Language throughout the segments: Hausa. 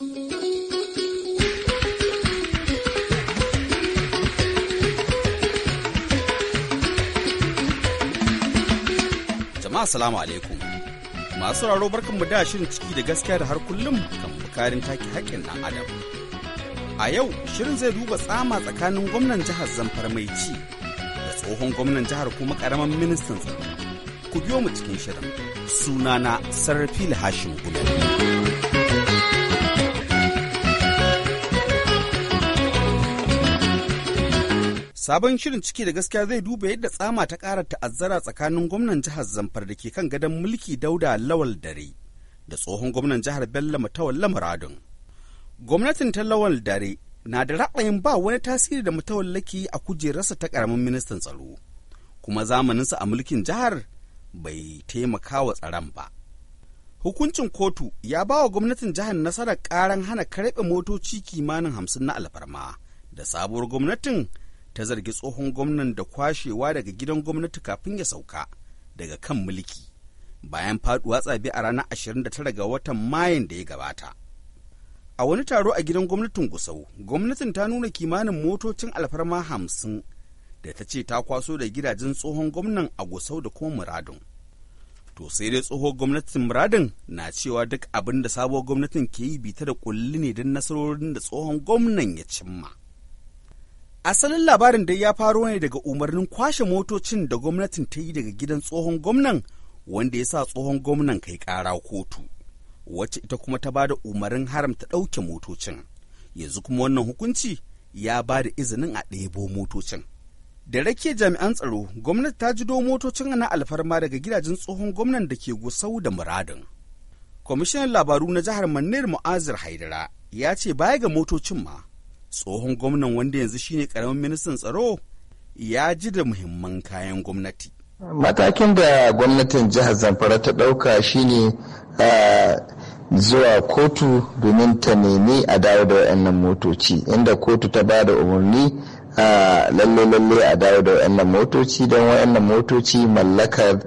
Jama'a salamu alaikum. Masu raro barkanmu da shirin ciki da gaskiya da har kullum kan bukarin take haƙƙin ɗan adam. A yau shirin zai duba tsama tsakanin gwamnan jihar Zamfara mai ci da tsohon gwamnan jihar kuma ƙaramin ministan tsaro. Ku biyo mu cikin shirin. Sunana Sarrafi Hashim Gumel. Sabon shirin ciki da gaskiya zai duba yadda tsama ta ƙara ta'azzara tsakanin gwamnan jihar Zamfara da ke kan gadon mulki Dauda Lawal Dare da tsohon gwamnan jihar Bello Mutawalla Muradun. Gwamnatin ta Lawal Dare na da ra'ayin ba wani tasiri da laki a kujerarsa ta ƙaramin ministan tsaro, kuma zamaninsa a mulkin jihar bai taimaka wa tsaron ba. Hukuncin kotu ya ba wa gwamnatin jihar nasarar ƙaran hana karɓe motoci kimanin hamsin na alfarma da sabuwar gwamnatin ta zargi tsohon gwamnan da kwashewa daga gidan gwamnati kafin ya sauka daga kan mulki bayan faduwa tsabi a ranar 29 ga watan mayan da ya gabata. A wani taro a gidan gwamnatin Gusau, gwamnatin ta nuna kimanin motocin alfarma hamsin da ta ce ta kwaso da gidajen tsohon gwamnan a Gusau da kuma muradun. To sai dai tsohon gwamnatin muradun na cewa duk abin da sabuwar gwamnatin ke yi bita da kulli ne don nasarorin da tsohon gwamnan ya cimma. Asalin labarin dai ya faro ne daga umarnin kwashe motocin da gwamnatin ta yi daga gidan tsohon gwamnan wanda ya sa tsohon gwamnan kai kara kotu, wacce ita kuma ta ba da umarnin haramta ɗauke motocin. Yanzu kuma wannan hukunci ya ba da izinin a ɗebo motocin. Da rake jami'an tsaro, gwamnati ta jido motocin na alfarma daga gidajen tsohon gwamnan da ke gusau da muradin. Kwamishinan labaru na jihar Manner Mu'azir Haidara ya ce baya ga motocin ma, tsohon gwamnan wanda yanzu shine karamin ministan tsaro ya ji da muhimman kayan gwamnati. Matakin da gwamnatin jihar Zamfara ta ɗauka shine zuwa kotu domin ta nemi a dawo da wa'annan motoci inda kotu ta ba da umarni a lalle lalle a dawo da wa'annan motoci don wa'annan motoci mallakar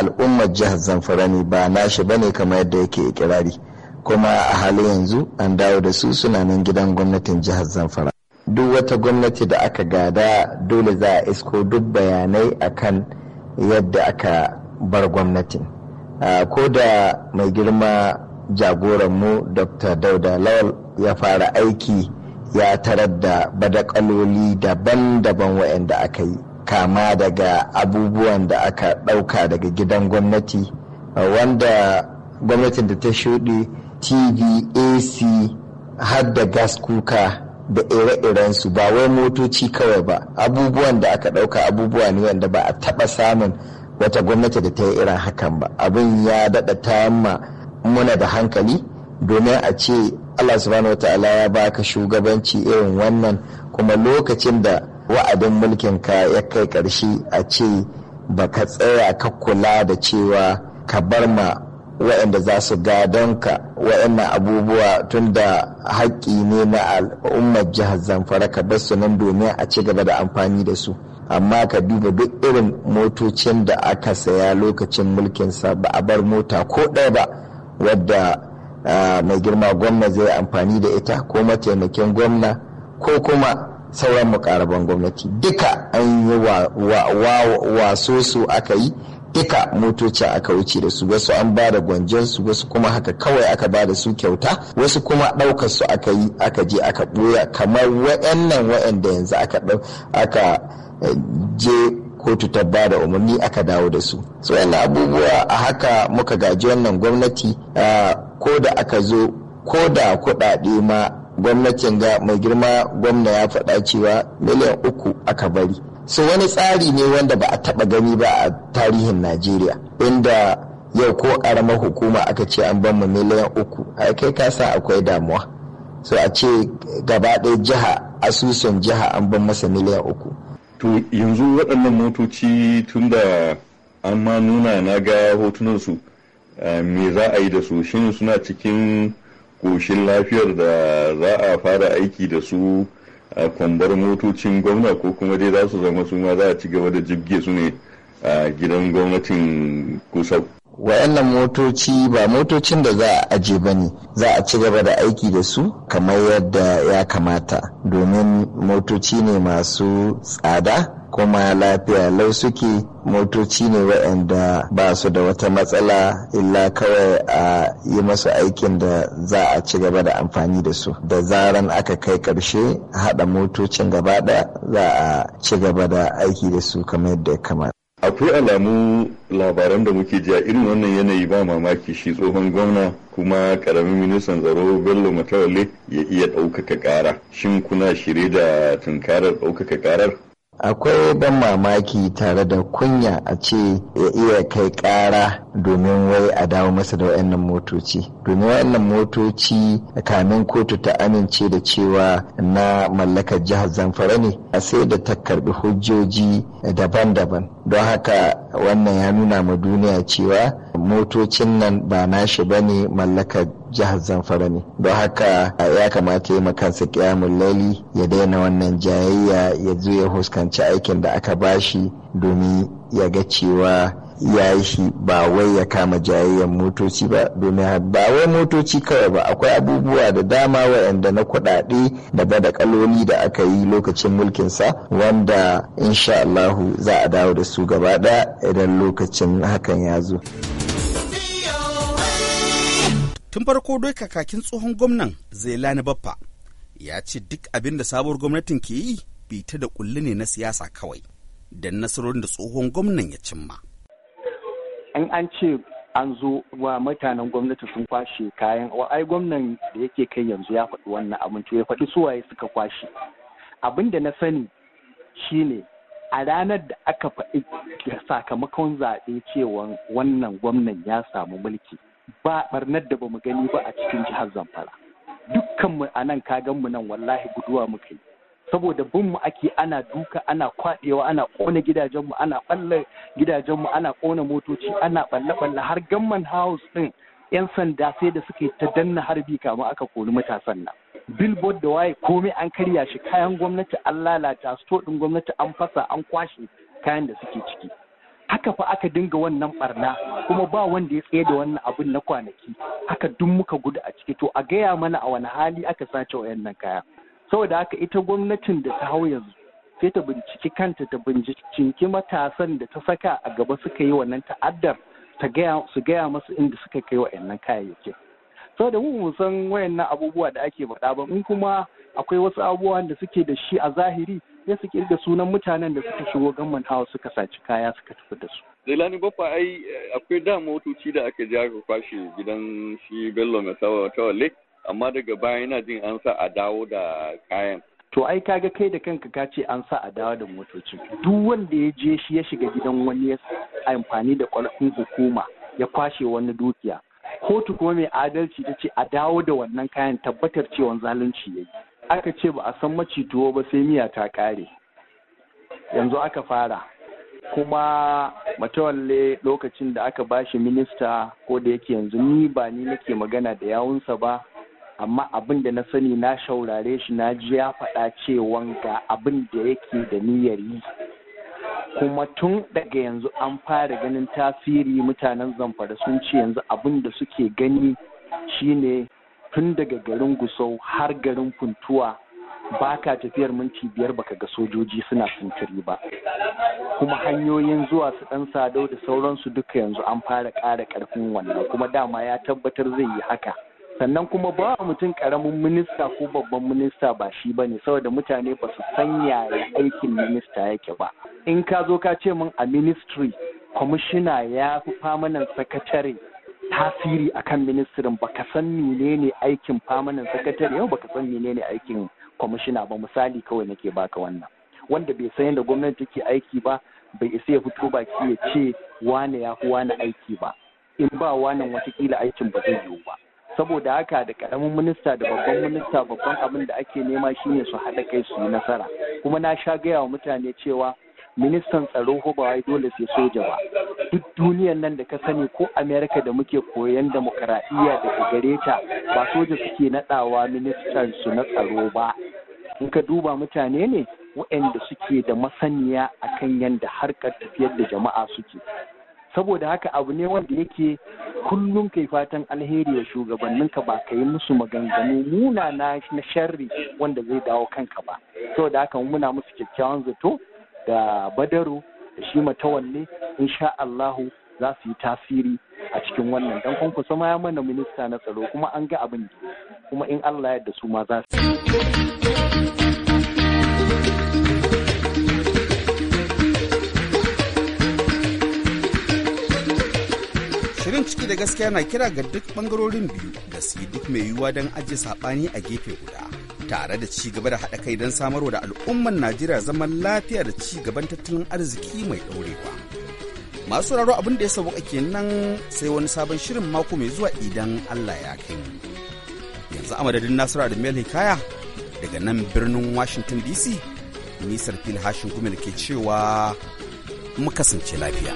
al'ummar jihar Zamfara ne ba nashi ne kamar yadda yake ikirari. kuma a halin yanzu an dawo da su suna nan gidan gwamnatin jihar zamfara duk wata gwamnati da aka gada dole za a isko duk bayanai akan yadda aka bar gwamnatin ko da mai girma jagoranmu dr dauda lawal ya fara aiki ya tarar da badakaloli daban-daban waɗanda aka yi kama daga abubuwan da aka ɗauka daga gidan gwamnati wanda gwamnatin da ta shuɗi tv ac har da gas kuka da ire iren su ba wai motoci kawai ba abubuwan da aka ɗauka abubuwa ne wanda ba a taba samun wata gwamnati da ta yi irin hakan ba abin ya dada ta yamma muna da hankali domin a ce allah subhanahu wata'ala ya baka shugabanci irin wannan kuma lokacin da wa'adin mulkin ka ya kai ƙarshe a ce ba ka tsaya ka kula da cewa ka bar ma waɗanda za su gadonka waɗannan abubuwa tun da haƙƙi ne na al'ummar jihar zamfara ka bar su nan domin a ci gaba da amfani da su amma ka duba duk irin motocin da aka saya lokacin mulkinsa ba a bar mota ko ɗaya ba wadda mai girma gwamna zai amfani da ita ko mataimakin gwamna ko kuma sauran mukarraban gwamnati duka an yi waso su aka yi duka motoci aka wuce da su wasu an ba da gwanjon su wasu kuma haka kawai aka ba da su kyauta wasu kuma ɗaukar su aka yi aka je aka boya kamar waɗannan waɗanda yanzu aka aka eh, je kotu ta ba da umarni aka dawo da su so yana abubuwa a haka muka gaji wannan gwamnati ko da aka zo ko da kuɗaɗe ma gwamnatin ga mai girma gwamna ya faɗa cewa miliyan uku aka bari so wani tsari ne wanda ba a taba gani ba a tarihin najeriya inda yau ko karamar hukuma aka ce an ban mu miliyan uku a kai kasa akwai damuwa so a ce gaba ɗaya jiha asusun jiha an ban masa miliyan uku to yanzu waɗannan motoci tun da an ma nuna na ga hotunansu eh, me za a yi da su shin suna cikin koshin lafiyar da za a fara aiki da su a kwambar motocin gwamna ko kuma dai za su zama su ma za a ci gaba da jibge su ne a gidan gwamnatin kusau wa'annan motoci ba motocin da za a aje ba ne za a ci gaba da aiki da su kamar yadda ya kamata domin motoci ne masu tsada kuma lafiya lau suke motoci ne waɗanda ba su da wata matsala illa kawai a yi masu aikin da za a ci gaba da amfani da su da zaran aka kai ƙarshe haɗa motocin gaba ɗaya za a ci gaba da aiki da su kamar yadda ya kamata akwai alamu labaran da muke ji a irin wannan yanayi ba mamaki shi tsohon gwamna kuma karamin ministan tsaro bello matawalle ya iya ɗaukaka ƙara shin kuna shirye da tunkarar ɗaukaka ƙarar akwai ban mamaki tare da kunya a ce ya iya kai kara domin wai a dawo masa da wayannan motoci domin wayannan motoci kamin kotu ta amince da cewa na mallakar jihar zamfara ne a sai da ta karbi hujjoji daban-daban don haka wannan ya nuna ma duniya cewa motocin nan ba nashi ba ne mallakar jihar zamfara ne don haka ya kamata ya makansa kiyamun laili ya daina wannan jayayya ya zo ya huskanci aikin da aka bashi domin ya ga cewa ya yi shi ba wai ya kama jayayyen motoci ba domin ba wai motoci kawai ba akwai abubuwa da dama waɗanda na kuɗaɗe da bada kaloli da aka yi lokacin mulkinsa wanda insha Allahu za a dawo da su gaba ɗaya idan lokacin hakan ya zo. Tun farko dai kakakin tsohon gwamnan Zailani Baffa ya ce duk abin da sabuwar gwamnatin ke yi bita da kulli ne na siyasa kawai don nasarorin da tsohon gwamnan ya cimma. in an ce an zo wa mutanen gwamnati sun kwashe kayan ai gwamnan da yake kai yanzu ya faɗi wannan abin to ya faɗi suwaye suka kwashe abin da na sani shine a ranar da aka faɗi sakamakon zaɓe cewa wannan gwamnan ya samu mulki ba barnar da ba mu gani ba a cikin jihar zamfara dukkanmu a nan ganmu nan wallahi guduwa muka yi saboda bin mu ake ana duka ana kwaɗewa ana ƙona gidajenmu ana gidajen mu, ana ƙona motoci ana ɓalle-ɓalle har gamman house ɗin 'yan sanda sai da suka yi ta danna harbi kama aka kori matasan nan. billboard da waye komai an karya shi kayan gwamnati an lalata sto ɗin gwamnati an fasa an kwashe kayan da suke ciki haka fa aka dinga wannan barna kuma ba wanda ya tsaye da wannan abin na kwanaki haka duk muka gudu a ciki to a gaya mana a wani hali aka sace wayannan kaya saboda haka ita gwamnatin da ta hau yanzu sai ta binciki kanta ta binciki matasan da ta saka a gaba suka yi wannan ta'addar su gaya masu inda suka kai wa'annan kayayyakin saboda mu san wayannan abubuwa da ake faɗa ba in kuma akwai wasu abubuwan da suke da shi a zahiri sai su kirga sunan mutanen da suka shigo gamman hawa suka saci kaya suka tafi da su. Zailani Baffa ai akwai da motoci da aka ja kwashe gidan shi Bello mai tawa Lake amma daga baya yana jin an sa a dawo da kayan to ai kaga kai da kanka ka ce an sa a dawo da motocin duk wanda ya je shi ya shiga gidan wani ya amfani da kwalfin hukuma ya kwashe wani dukiya kotu kuma mai adalci ta ce a dawo da wannan kayan tabbatar cewa zalunci ya yi. aka ce ba a san macituwo ba sai miya ta kare yanzu aka fara kuma matawalle lokacin da aka bashi minista ko da yake yanzu ni ba ni nake magana da yawunsa ba amma abin da na sani na shaurare shi na ji ya faɗa cewa ga abin da yake da niyyar yi kuma tun daga yanzu an fara ganin tasiri mutanen zamfara sun ce yanzu abin da suke gani shine tun daga garin gusau har garin funtuwa baka tafiyar minti biyar baka ga sojoji suna sintiri ba kuma hanyoyin zuwa su dan sadau da sauransu duka yanzu an fara ƙara ƙarfin wannan kuma dama ya tabbatar zai yi haka sannan kuma ba mutum karamin minista ko babban minista ba shi ba ne saboda mutane ba su sanya aikin minista yake ba in ka zo ka ce min a ministry kwamishina ya fi famanan sakatare tasiri a akan ministirin ka san ne aikin famanan sakatare yau ba ka san ne aikin kwamishina ba misali kawai nake baka wannan wanda bai san yadda gwamnati take aiki ba bai isa ya fito baki ya ce wane ya fi wane aiki ba in ba wannan watakila aikin ba zai yiwu ba saboda haka da karamin minista da babban minista babban abin da ake nema shine su haɗa kai su yi nasara kuma na sha gaya wa mutane cewa ministan tsaro ko ba wai dole sai soja ba duk duniyan nan da ka sani ko amerika da muke koyan demokaradiyya da gare ta ba soja suke naɗawa ministan su na tsaro ba in ka duba mutane ne waɗanda suke da masaniya akan yadda harkar tafiyar da jama'a suke saboda haka abu ne wanda yake kullum kai fatan alheri shugabannin ka ba ka yi musu maganganu muna na sharri wanda zai dawo kanka ba saboda haka muna musu kyakkyawan zato da badaro da shi matawalle insha Allahu za su yi tasiri a cikin wannan dan kun kusa ma ya mana minista na tsaro kuma an ga abin kuma in Allah ya yarda su ma za su gaskiya na kira ga duk bangarorin biyu da su yi duk mai yiwuwa don ajiye saɓani a gefe guda tare da ci gaba da haɗa kai don samarwa da al'ummar najeriya zaman lafiya da ci gaban tattalin arziki mai ɗaurewa masu raro abin da ya ake nan sai wani sabon shirin mako mai zuwa idan allah ya kai yanzu a madadin nasara da mel hikaya daga nan birnin washington dc nisar fil hashin gumel ke cewa mu kasance lafiya.